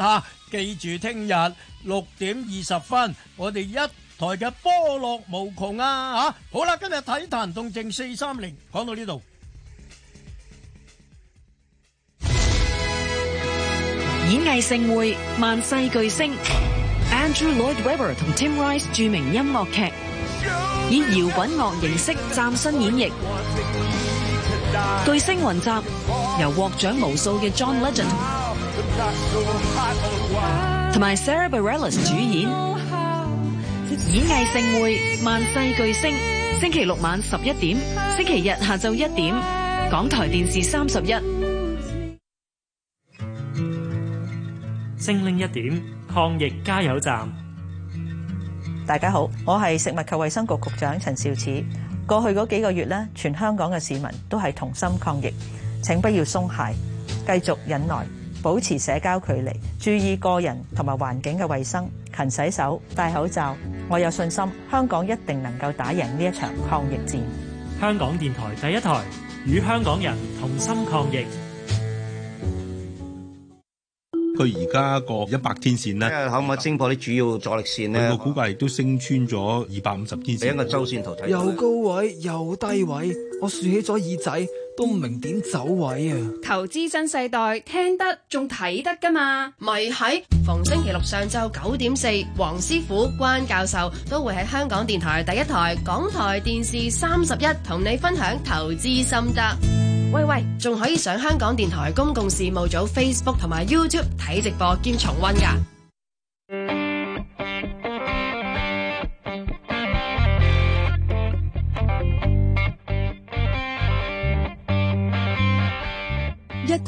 吓！記住聽日六點二十分，我哋一台嘅波落無窮啊！吓，好啦，今日體壇動靜四三零，講到呢度。演藝盛會，萬世巨星 Andrew Lloyd Webber 同 Tim Rice 著名音樂劇，以搖滾樂形式嶄新演繹。巨星雲集，由獲獎無數嘅 John Legend。同埋，Sarah Brightman 主演演藝盛會，萬世巨星。星期六晚十一點，星期日下晝一點，港台電視三十一。聲鈴一點，抗疫加油站。大家好，我係食物及衛生局局長陳肇始。過去嗰幾個月咧，全香港嘅市民都係同心抗疫，請不要鬆懈，繼續忍耐。保持社交距離，注意個人同埋環境嘅衛生，勤洗手、戴口罩。我有信心，香港一定能夠打贏呢一場抗疫戰。香港電台第一台，與香港人同心抗疫。佢而家個一百天線咧、嗯，可唔可以精破啲主要阻力線呢、嗯、我估計都升穿咗二百五十天線。一個周線圖睇。又高位又低位，嗯、我豎起咗耳仔。都唔明點走位啊！投資新世代聽得仲睇得噶嘛？咪喺逢星期六上晝九點四，黃師傅、關教授都會喺香港電台第一台、港台電視三十一同你分享投資心得。喂喂，仲可以上香港電台公共事務組 Facebook 同埋 YouTube 睇直播兼重溫噶。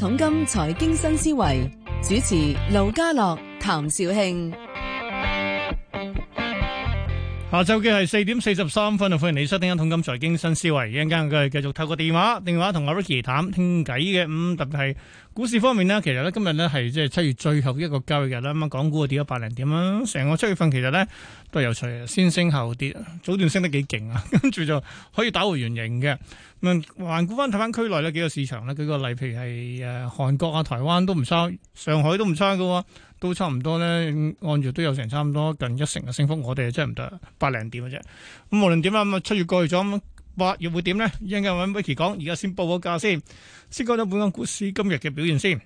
《統金財經新思維》主持樂：盧家樂、譚紹興。下晝嘅係四點四十三分啊！歡迎你收聽《一桶金》財經新思維》，一陣間繼續透過電話電話同阿 Ricky 談傾偈嘅。咁、嗯、特別係股市方面呢，其實呢，今日呢係即係七月最後一個交易日啦。咁啊，港股跌咗百零點啦。成個七月份其實呢都係有趣，先升後跌，早段升得幾勁啊，跟 住就可以打回原形嘅。咁環顧翻睇翻區內呢幾個市場呢，舉個例，譬如係誒韓國啊、台灣都唔差，上海都唔差嘅、啊。都差唔多咧，按月都有成差唔多近一成嘅升幅。我哋啊真係唔得，百零點嘅啫。咁無論點啦，咁七月過去咗，八月會點咧？一陣間揾 Vicky 講，而家先報個價先。先講咗本港股市今日嘅表現先。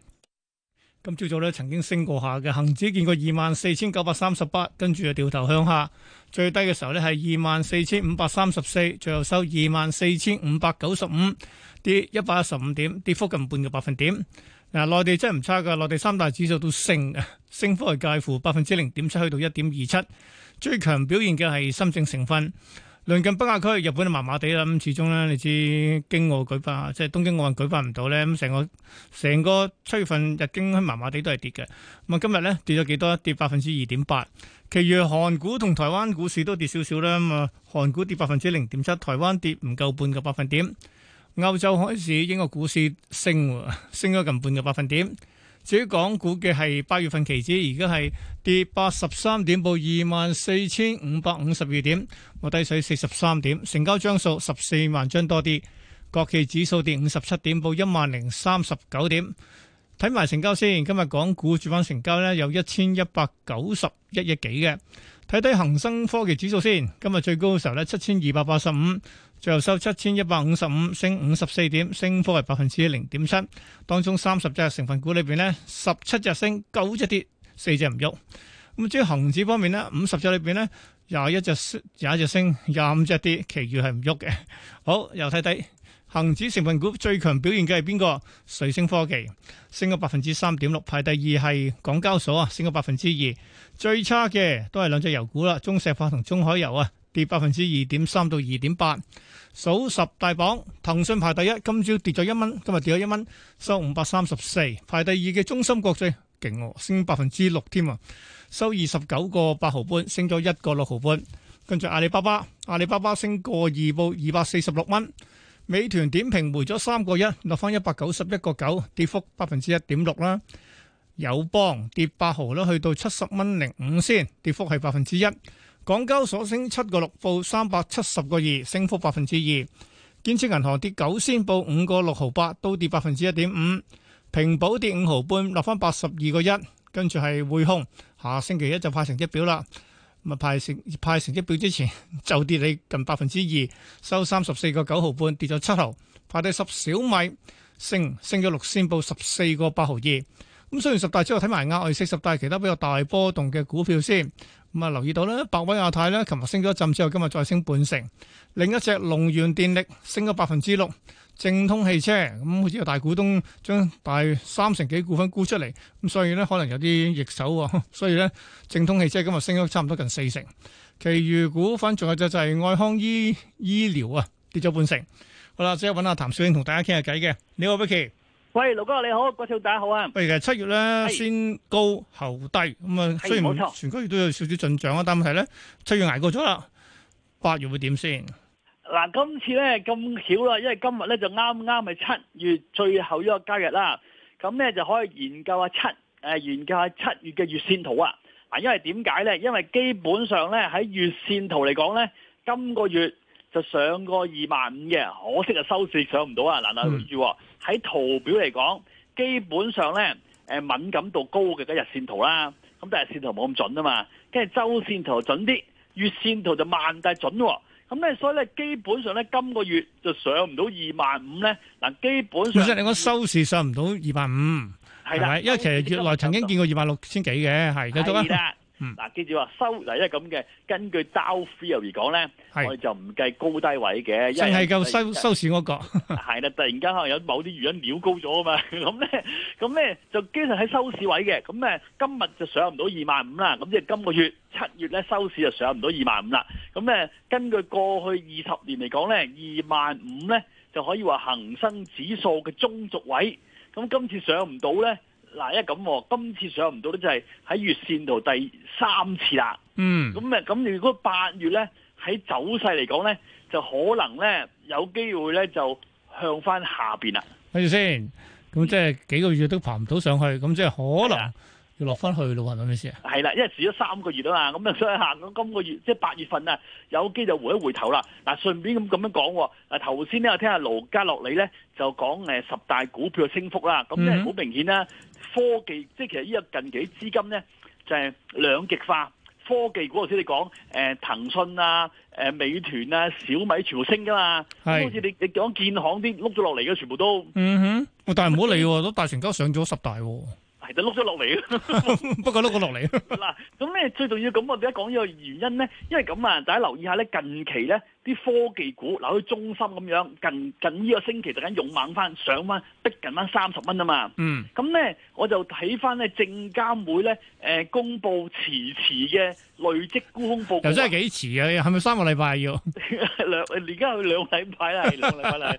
今朝早咧曾經升過下嘅恒指，見過二萬四千九百三十八，跟住就掉頭向下，最低嘅時候咧係二萬四千五百三十四，最後收二萬四千五百九十五，跌一百一十五點，跌幅近半個百分點。嗱，內地真係唔差噶，內地三大指數都升嘅。升幅係介乎百分之零點七去到一點二七，最強表現嘅係深證成分。鄰近北亞區，日本麻麻地啦，咁始終咧你知京澳舉辦，即係東京奧運舉辦唔到咧，咁成個成個七月份日經麻麻地都係跌嘅。咁啊今日咧跌咗幾多？跌百分之二點八。其餘韓股同台灣股市都跌少少啦。咁啊，韓股跌百分之零點七，台灣跌唔夠半個百分點。歐洲開市，英國股市升，升咗近半個百分點。至於港股嘅係八月份期指，而家係跌八十三點，報二萬四千五百五十二點，我低水四十三點。成交張數十四萬張多啲。國企指數跌五十七點，報一萬零三十九點。睇埋成交先，今日港股主板成交呢有一千一百九十一億幾嘅。睇睇恒生科技指數先，今日最高嘅時候呢七千二百八十五。最後收七千一百五十五，升五十四點，升幅為百分之零點七。當中三十隻成分股裏邊咧，十七隻升，九隻跌，四隻唔喐。咁至於恒指方面咧，五十隻裏邊咧，廿一隻，廿一隻升，廿五隻跌，其餘係唔喐嘅。好，又睇睇恒指成分股最強表現嘅係邊個？瑞聲科技升咗百分之三點六，排第二係港交所啊，升咗百分之二。最差嘅都係兩隻油股啦，中石化同中海油啊。跌百分之二點三到二點八，數十大榜，騰訊排第一，今朝跌咗一蚊，今日跌咗一蚊，收五百三十四。排第二嘅中芯國際勁喎、哦，升百分之六添啊，收二十九個八毫半，升咗一個六毫半。跟住阿里巴巴，阿里巴巴升過二部二百四十六蚊，美團點評回咗三個一，落翻一百九十一個九，跌幅百分之一點六啦。友邦跌八毫啦，去到七十蚊零五先，跌幅係百分之一。港交所升七個六，報三百七十個二，升幅百分之二。建設銀行跌九仙，報五個六毫八，都跌百分之一點五。平保跌五毫半，落翻。八十二個一。跟住係匯控，下星期一就派成績表啦。咁啊派成派成績表之前就跌你近百分之二，收三十四個九毫半，跌咗七毫。派低十小米升升咗六仙，報十四個八毫二。咁雖然十大之後睇埋額外四十大其他比較大波動嘅股票先。咁啊，留意到咧，百威亞太咧，琴日升咗一陣之後，今日再升半成。另一隻龍源電力升咗百分之六，正通汽車咁、嗯、好似有大股東將大三成幾股份沽出嚟，咁所以咧可能有啲逆手、啊，所以咧正通汽車今日升咗差唔多近四成。其餘股份仲有隻就係愛康醫醫療啊，跌咗半成。好啦，即係揾阿譚紹興同大家傾下偈嘅，你好 Becky。喂，盧哥你好，郭少大家好啊！其實七月咧先高後低，咁啊，雖然全個月都有少少進賬啊，但係咧，七月挨過咗啦，八月會點先？嗱，今次咧咁巧啦，因為今日咧就啱啱係七月最後一個交易啦，咁咧就可以研究下、啊、七誒，研究下、啊、七月嘅月線圖啊！嗱，因為點解咧？因為基本上咧喺月線圖嚟講咧，今個月。就上過二萬五嘅，可惜啊收市上唔到啊！嗱，嗱住喎，喺圖表嚟講，基本上咧，誒敏感度高嘅，梗係日綫圖啦。咁但係綫圖冇咁準啊嘛，跟住周綫圖準啲，月綫圖就慢但係準、啊。咁咧，所以咧，基本上咧，今個月就上唔到二萬五咧。嗱，基本上，其實你講收市上唔到二萬五，係啦，因為其實月內曾經見過二萬六千幾嘅，係，繼續啊。嗱、嗯，記住話收，嗱，因為咁嘅，根據 Dow Theory 嚟而講呢，我哋就唔計高低位嘅，淨係夠收收市嗰個。係 啦，突然間可能有某啲原因料高咗啊嘛，咁咧，咁咧就經常喺收市位嘅。咁呢，今日就上唔到二萬五啦。咁即係今個月七月咧收市就上唔到二萬五啦。咁呢，根據過去二十年嚟講咧，二萬五咧就可以話恒生指數嘅中軸位。咁今次上唔到咧？嗱，一咁，今次上唔到咧，就係喺月線度第三次啦。嗯，咁咪咁，如果八月咧喺走勢嚟講咧，就可能咧有機會咧就向翻下邊啦。睇住先，咁即係幾個月都爬唔到上去，咁即係可能。要落翻去咯，係咪先？係啦，因為持咗三個月啊嘛，咁啊所以吓，今個月即係八月份啊，有機就回一回頭啦。嗱，順便咁咁樣講，啊頭先咧，我聽阿盧家樂里咧就講誒十大股票嘅升幅啦，咁真係好明顯啦。科技即係其實呢個近期資金咧就係兩極化，科技股頭先你講誒騰訊啊、誒、呃、美團啊、小米全部升噶嘛，好似你你講建行啲碌咗落嚟嘅，全部都嗯哼，但係唔好理，都大成交上咗十大。其實碌咗落嚟， 不過碌咗落嚟。嗱，咁咧最重要，咁我哋一講呢個原因咧，因為咁啊，大家留意下咧，近期咧。啲科技股嗱，去中心咁樣近近呢個星期，突然間勇猛翻上翻，逼近翻三十蚊啊嘛。嗯，咁咧我就睇翻咧證監會咧，公佈遲遲嘅累積沽空報告。又真係幾遲啊？係咪三個禮拜要兩而家去兩個禮拜啦，兩個禮拜啦。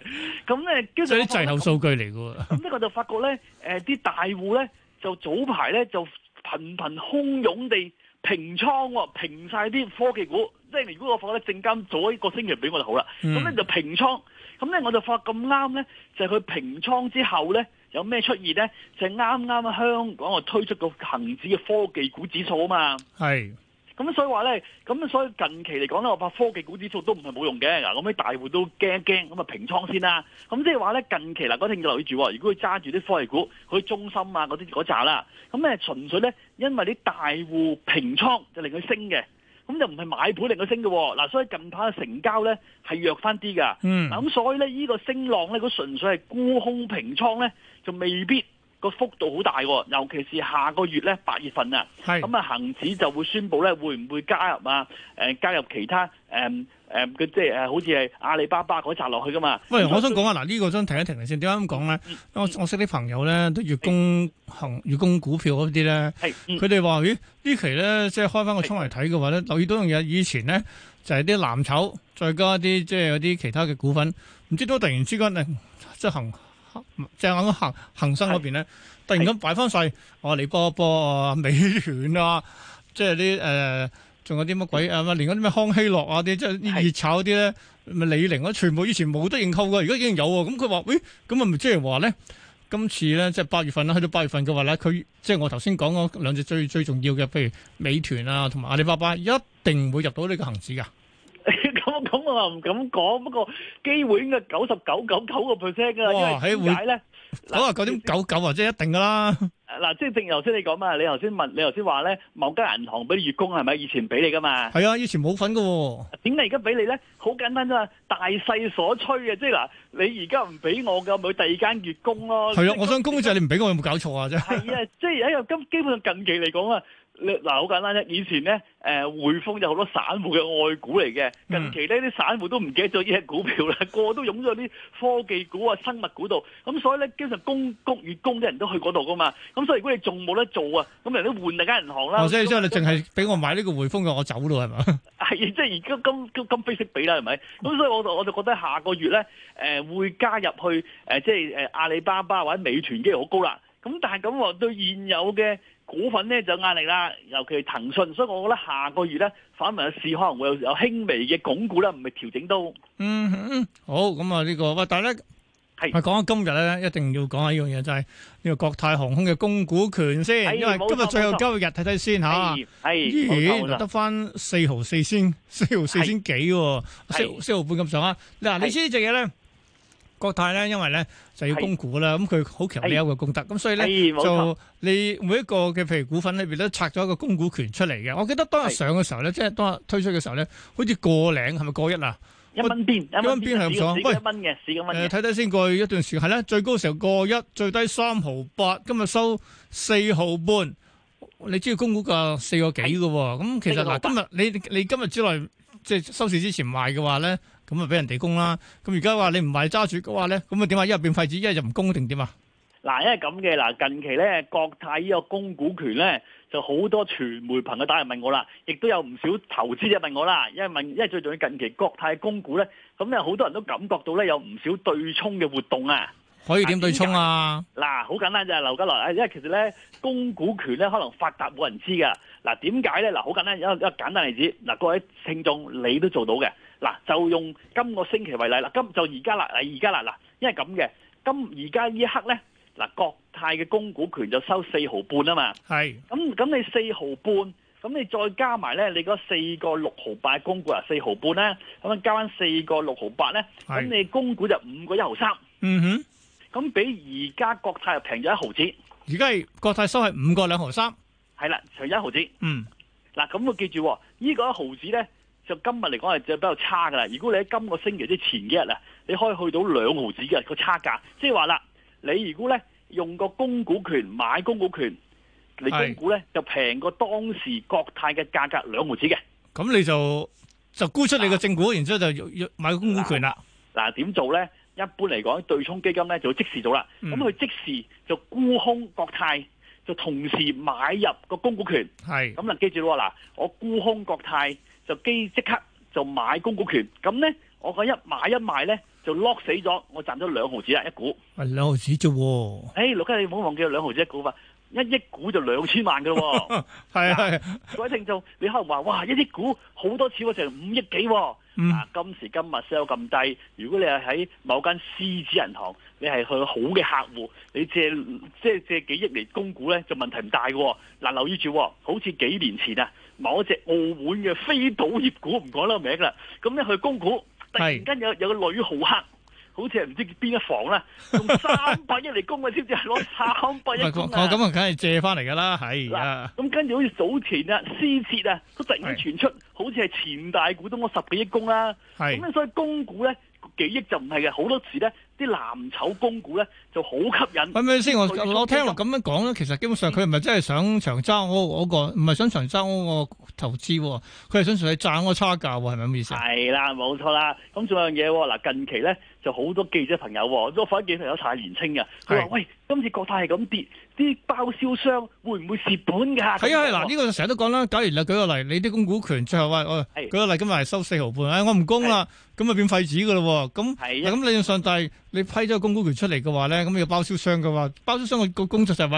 咁咧，即係啲滯後數據嚟喎。咁呢我就發覺咧，啲大戶咧就早排咧就頻頻洶湧地平倉平晒啲科技股。即係如果我放咧證監早一個星期俾我就好啦，咁、嗯、咧就平倉，咁咧我就發咁啱咧就佢、是、平倉之後咧有咩出現咧就啱、是、啱香港啊推出個恒指嘅科技股指數啊嘛，係，咁所以話咧，咁所以近期嚟講咧，我發科技股指數都唔係冇用嘅，咁喺大戶都驚一驚，咁啊平倉先啦，咁即係話咧近期嗱嗰啲投資者留意住，如果佢揸住啲科技股，佢中心啊嗰啲嗰扎啦，咁咧純粹咧因為啲大戶平倉就令佢升嘅。咁就唔係買盤令佢升嘅，嗱，所以近排嘅成交咧係弱翻啲噶，嗱、嗯，咁所以咧呢個升浪咧，佢純粹係沽空平倉咧，就未必個幅度好大喎、哦，尤其是下個月咧八月份啊，咁啊恒指就會宣布咧會唔會加入啊？呃、加入其他、呃誒、嗯、即係誒、呃，好似係阿里巴巴嗰扎落去噶嘛？喂，我想講下，嗱、這、呢個想停一停先。點解咁講咧？我我識啲朋友咧，都月供行、嗯、月供股票嗰啲咧，佢、嗯、哋話咦呢期咧即係開翻個倉嚟睇嘅話咧，嗯、留意到樣嘢。以前咧就係、是、啲藍籌，再加啲即係有啲其他嘅股份，唔知都突然之間誒即係行即係行行恒生嗰邊咧，突然咁擺翻晒。我嚟、啊、波一波、啊、美元啊，即係啲誒。呃仲有啲乜鬼啊？連嗰啲咩康希諾啊啲，即係熱炒啲咧，咪李寧嗰，全部以前冇得認購嘅，而家已經有啊！咁佢話，喂、欸，咁啊，唔即係話咧，今次咧，即係八月份啦，去到八月份嘅話咧，佢即係我頭先講嗰兩隻最最重要嘅，譬如美團啊，同埋阿里巴巴，一定會入到呢個恒指噶。咁 咁我又唔敢講，不過機會應該九十九九九個 percent 噶，因為點解咧？嗱，嗰啲九九啊，即係一定噶啦。嗱，即係正如頭先你講啊，你頭先問，你頭先話咧，某間銀行俾你月供係咪以前俾你噶嘛？係啊，以前冇份噶。點解而家俾你咧？好簡單啫、啊，大勢所趨嘅。即係嗱，你而家唔俾我噶，咪第二間月供咯、啊。係、就、啊、是，我想供就係你唔俾我，有冇搞錯啊？啫。係啊，即係喺今基本上近期嚟講啊。嗱、啊、好簡單啫，以前咧誒、呃、匯豐有好多散戶嘅愛股嚟嘅，近期呢啲散戶都唔記得咗呢隻股票啦，個個都湧咗啲科技股啊、生物股度，咁所以咧經常供股月供啲人都去嗰度噶嘛，咁所以如果你仲冇得做啊，咁人哋換另一間銀行啦。哦，所以之後你淨係俾我買呢個匯豐嘅，我走咯係嘛？係啊，即係而家金今非昔比啦，係咪？咁所以我就我就覺得下個月咧誒、呃、會加入去、呃、即係阿里巴巴或者美團機，會好高啦。咁但係咁話對現有嘅股份咧就有壓力啦，尤其係騰訊，所以我覺得下個月咧反問嘅市可能會有有輕微嘅鞏固啦，唔係調整都。嗯嗯好，咁啊呢個喂，但係咧係講緊今日咧一定要講下一樣嘢，就係呢個國泰航空嘅供股權先，因為今日最後交易日睇睇先嚇。係依然得翻四毫四先，四毫四先幾，四四毫半咁上啊！嗱，你知呢樣嘢咧？國泰咧，因為咧就要供股啦，咁佢好強嘅一個功德，咁所以咧就你每一個嘅譬如股份裏邊都拆咗一個供股權出嚟嘅。我記得當日上嘅時候咧，即係當日推出嘅時候咧，好似過零係咪過一啊？一蚊邊一蚊邊係咁做，喂一蚊嘅市一睇睇、呃、先過去一段時間係啦，最高時候過一，最低三毫八，今日收四毫半。你知要供股價四個幾喎、哦。咁、嗯、其實嗱，今日你你今日之內即係收市之前賣嘅話咧？咁啊，俾人哋供啦！咁而家話你唔係揸住，話咧，咁啊點啊？一係變廢紙，一係就唔供定點啊？嗱，因為咁嘅。嗱，近期咧國泰呢個供股權咧，就好多傳媒朋友打嚟問我啦，亦都有唔少投資者問我啦。因為問，因為最重要，近期國泰供股咧，咁有好多人都感覺到咧有唔少對沖嘅活動啊！可以點對沖啊？嗱，好簡單啫，劉家樂。因為其實咧，供股權咧可能發達冇人知噶。嗱，點解咧？嗱，好簡單，一一個簡單例子。嗱，各位聽眾，你都做到嘅。嗱，就用今個星期為例啦，今就而家啦，而家啦，嗱，因為咁嘅，今而家呢一刻咧，嗱，國泰嘅供股權就收四毫半啊嘛，係，咁咁你四毫半，咁你再加埋咧，你嗰四個六毫八供股啊，四毫半咧，咁加翻四個六毫八咧，咁你供股就五個一毫三，嗯哼，咁比而家國泰又平咗一毫子，而家係國泰收係五個兩毫三，係啦，除一毫子，嗯，嗱，咁我記住依個一毫子咧。就今日嚟講係比較差嘅啦。如果你喺今個星期即、係、前幾日啊，你可以去到兩毫子嘅個差價。即係話啦，你如果咧用個供股權買供股權你供股咧，就平過當時國泰嘅價格兩毫子嘅。咁你就就沽出你個正股，啊、然之後就買供股權啦。嗱、啊、點、啊、做咧？一般嚟講，對沖基金咧就會即時做啦。咁、嗯、佢即時就沽空國泰，就同時買入個供股權。係咁，嗱、嗯嗯、記住喎嗱，我沽空國泰。就即即刻就買供股權，咁咧我講一買一賣咧就 lock 死咗，我賺咗兩毫子啦一股。係兩毫子啫喎、哦，誒、哎、六家你唔好忘記兩毫子一股嘛，一億股就兩千萬㗎咯、哦，係 啊！ 各位聽眾，你可能話哇一億股好多錢喎，成五億幾、哦？嗱、嗯啊、今時今日 sell 咁低，如果你係喺某間獅子銀行。你係佢好嘅客戶，你借即係借，借幾億嚟供股咧，就問題唔大嘅。嗱，留意住、哦，好似幾年前啊，某一隻澳門嘅非賭業股，唔講得個名㗎喇。咁你去供股，突然間有有個女豪客，好似係唔知邊一房啦，用三百億嚟供嘅，知唔知係攞三百億哦，咁啊，梗 係借翻嚟噶啦，係、啊。咁跟住好似早前啊，私設啊，都突然傳出，好似係前大股東攞十幾億供啦。係咁，所以供股咧，幾億就唔係嘅，好多時咧。啲藍籌公股咧就好吸引，係咪先？我我聽落咁樣講咧，其實基本上佢唔係真係想長揸我我唔係想長揸我投資，佢係想上去賺我差價喎，係咪咁意思？係啦，冇錯啦。咁仲有樣嘢喎，嗱近期咧。就好多記者朋友喎，都反而朋友太年青嘅。佢話：喂，今次國泰係咁跌，啲包銷商會唔會蝕本㗎？係啊，嗱、啊，呢、這個成日都講啦。假如啊，舉個例，你啲供股權最後話，我、啊、舉個例，今日係收四毫半，唉、哎，我唔供啦，咁咪變廢紙㗎咯。咁咁理論上，但你批咗供股權出嚟嘅話咧，咁有包銷商嘅話，包銷商嘅個工作就係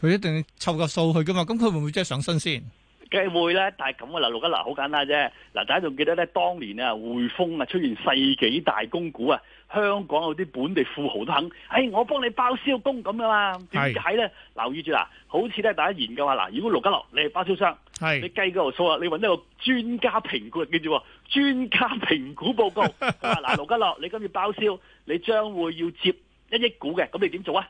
喂，佢一定要湊個數去㗎嘛。咁佢會唔會即係上身先？梗係會咧，但係咁啊，啦，陸金諾好簡單啫。嗱，大家仲記得咧，當年啊，匯豐啊出現世紀大供股啊，香港有啲本地富豪都肯，誒、哎，我幫你包銷工咁嘅嘛。點解咧？留意住嗱，好似咧，大家研究下嗱，如果陸吉諾你係包銷商，你計嗰個數啊，你揾到個專家評估，記住喎，專家評估報告嗱，陸吉諾，你今次包銷，你將會要接一億股嘅，咁你點做啊？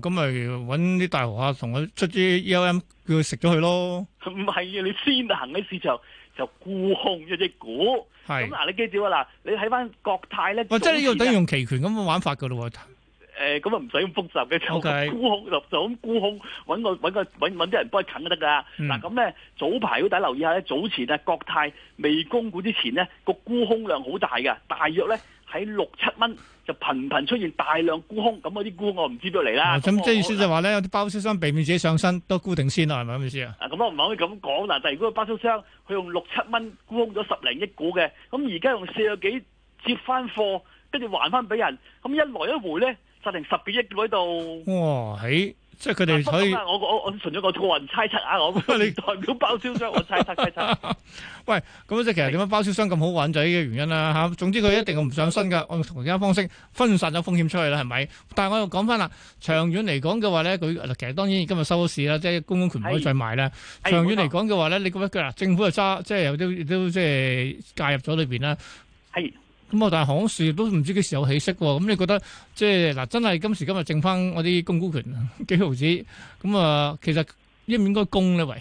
咁咪揾啲大豪客同佢出啲 E.O.M，叫佢食咗佢咯。唔係啊，你先行啲市場就沽空一隻股。係咁嗱，你記住啊，嗱，你睇翻國泰咧。即係你要等於用期權咁嘅玩法噶咯。誒、呃，咁啊唔使咁複雜嘅，就沽空就咁沽空，揾個揾個揾揾啲人幫佢啃得噶。嗱、嗯，咁咧早排好大家留意下咧，早前啊國泰未供股之前咧，個沽空量好大噶，大約咧。喺六七蚊就頻頻出現大量沽空，咁嗰啲沽我唔知道嚟啦。咁即係意思就係話咧，有啲包銷商避免自己上身，都沽定先啦，係咪咁意思啊？啊，咁我唔可以咁講啦。但係如果包銷商佢用六七蚊沽空咗十零億股嘅，咁而家用四十幾接翻貨，跟住還翻俾人，咁一來一回咧，就成十幾億喺度。哇！喺。即係佢哋可以，我我我純咗個個人猜測啊！我你代表包銷商， 我猜測猜測。 喂，咁即係其實點解包銷商咁好玩就係呢個原因啦、啊、吓、啊。總之佢一定唔上身噶，我用其他方式分散咗風險出去啦，係咪？但係我又講翻啦，長遠嚟講嘅話咧，佢其實當然今日收市啦，即、就、係、是、公共權唔可以再賣啦。長遠嚟講嘅話咧、哎，你覺得佢政府就揸，即係有啲都即係介入咗裏邊啦。係。咁啊，但係行事都唔知幾時有起色喎。咁你覺得即係嗱，真係今時今日剩返我啲公股權幾毫子？咁、嗯、啊，其實應唔應該供呢？喂，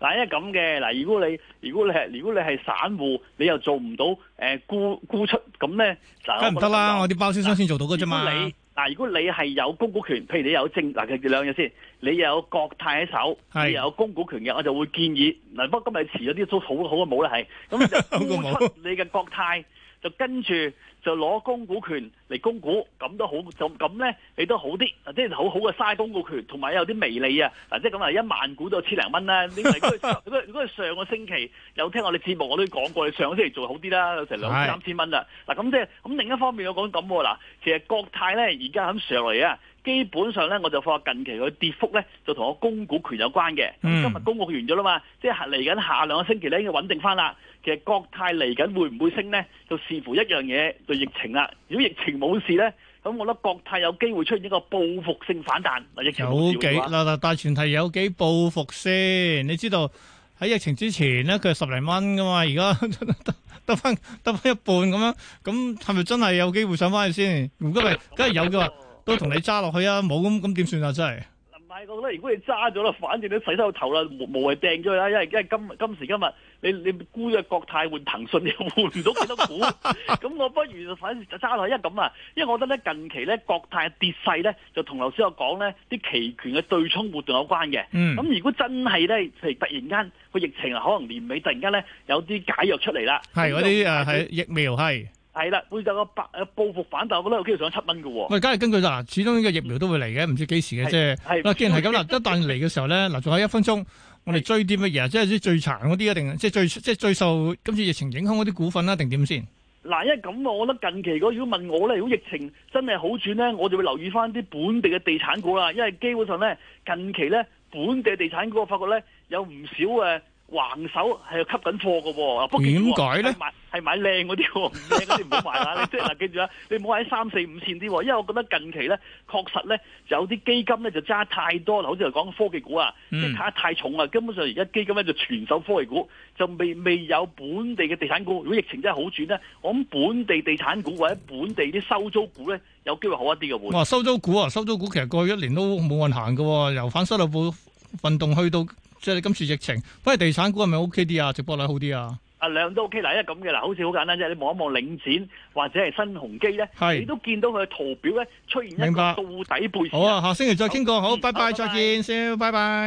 嗱，依家咁嘅嗱，如果你如果你係如果你係散戶，你又做唔到誒沽沽出咁咧嗱，梗唔得啦！我啲包先生先做到嘅啫嘛。嗱，如果你係有公股權，譬如你有淨嗱，其實兩樣先，你又有國泰喺手，你又有公股權嘅，我就會建議嗱。不過今日遲咗啲，都好好嘅冇啦，係咁就沽出你嘅國泰。 就跟住就攞供股權嚟供股，咁都好，就咁咧，你都好啲，即係好好嘅嘥供股權，同埋有啲微利啊！嗱、啊，即係咁啊，一萬股都千零蚊啦。如果如果係上個星期 有聽我哋節目，我都講過，你上個星期做好啲啦，有成兩三千蚊啦。嗱，咁即係咁另一方面，我講咁喎，嗱，其實國泰咧而家咁上嚟啊。基本上咧，我就話近期佢跌幅咧，就同我供股權有關嘅。今日供股完咗啦嘛，即係嚟緊下兩個星期咧，應該穩定翻啦。其實國泰嚟緊會唔會升咧？就視乎一樣嘢，就疫情啦。如果疫情冇事咧，咁我覺得國泰有機會出現一個報復性反彈。疫情有幾嗱嗱，大前提有幾報復先？你知道喺疫情之前咧，佢係十零蚊噶嘛，而家得翻得翻一半咁樣，咁係咪真係有機會上翻去先？唔該喂，梗係有嘅。都同你揸落去啊！冇咁咁點算啊！真係，唔係我覺得如果你揸咗啦，反正都洗濕個頭啦，無無謂掟咗啦，因為而家今今時今日，你你，你沽咗國泰換騰訊又換唔到幾多股，咁、 嗯、我不如反揸落去，因為咁啊，因為我覺得咧近期咧國泰跌勢咧，就同頭先我講咧啲期權嘅對沖活動有關嘅。咁如果真係咧，譬如突然間個疫情可能年尾突然間咧有啲解藥出嚟啦，係嗰啲誒係疫苗係。係啦，會有個百誒報復反彈嘅咧，有機會上七蚊嘅喎。梗係根據嗱，始終呢個疫苗都會嚟嘅，唔、嗯、知幾時嘅啫。係嗱，既然係咁啦，一旦嚟嘅時候咧，嗱，仲有一分鐘，我哋追啲乜嘢？即係最慘嗰啲一定即係最即係最受今次疫情影響嗰啲股份啦，定點先？嗱，因為咁我覺得近期如果問我咧，如果疫情真係好轉咧，我就會留意翻啲本地嘅地產股啦。因為基本上咧，近期咧本地的地產股我發覺咧有唔少誒。呃橫手係吸緊貨嘅喎，點解咧？呢買係買靚嗰啲，唔靚嗰啲唔好買啦。即係嗱，記住啦，你唔好喺三四五線啲，因為我覺得近期咧確實咧有啲基金咧就揸太多啦。好似嚟講科技股啊，即係揸得太重啊，根本上而家基金咧就全手科技股，就未未有本地嘅地產股。如果疫情真係好轉咧，我諗本地地產股或者本地啲收租股咧有機會好一啲嘅會。哇！收租股啊，收租股其實過去一年都冇運行嘅，由反修例運動去到。即係你今次疫情，不過地產股係咪 O K 啲啊？直播率好啲啊？阿、啊、亮都 O K，嗱，一咁嘅啦，的好似好簡單啫。你望一望領展或者係新鴻基咧，你都見到佢嘅圖表咧出現一個到底背好啊。下星期再傾過，好，拜拜，再見，先，拜拜。